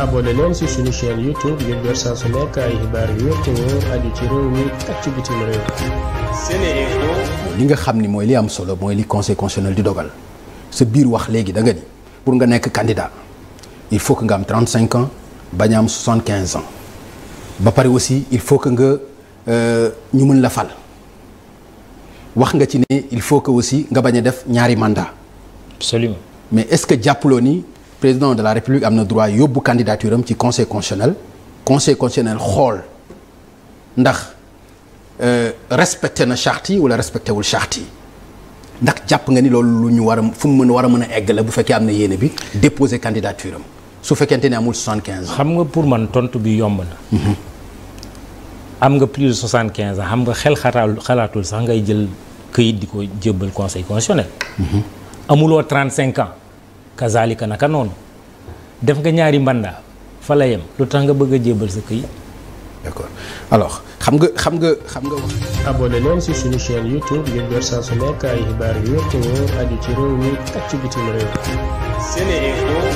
abonné leen ci suñu chaîne YouTube ngir jot saa yu wér te wóor ci réew mi li nga xam ni mooy li am solo mooy li conseil constitutionnel di dogal sa biir wax léegi da nga ni pour nga nekk candidat il faut que nga am cinq ans bañ am am 75 ans ba pare aussi il faut que nga euh, ñu mën la fal wax nga ci ne il faut que aussi nga bañ a def ñaari mandat absolument mais est-ce que jàppaloo ni. président de la république am na droit yóbbu candidature am ci conseil constitutionnel conseil constitutionnel xool ndax euh, respecté na charte yi wala respecté wul charte yi ndax jàpp nga ni loolu lu ñu war a fu mu mën war a mën a egg la bu fekkee am na yéene bi déposer candidature am su fekkente ne amul 75 ans. xam nga pour man tontu bi yomb mhm. am nga plus de 75 ans xam nga xel xataalu xalaatul sax ngay jël këyit di ko jébbal conseil constitutionnel. Mhm. ans. kazalika naka noonu def nga ñaari mbanda fa la yem lu tax nga bëgg a jébal sa këy. d'accord alors xam nga xam nga xam nga wax. abonné si ci suñu chaîne YouTube ngir jot saa su nekk ay xibaar yu wér te wóor aju ci réew mi ak ci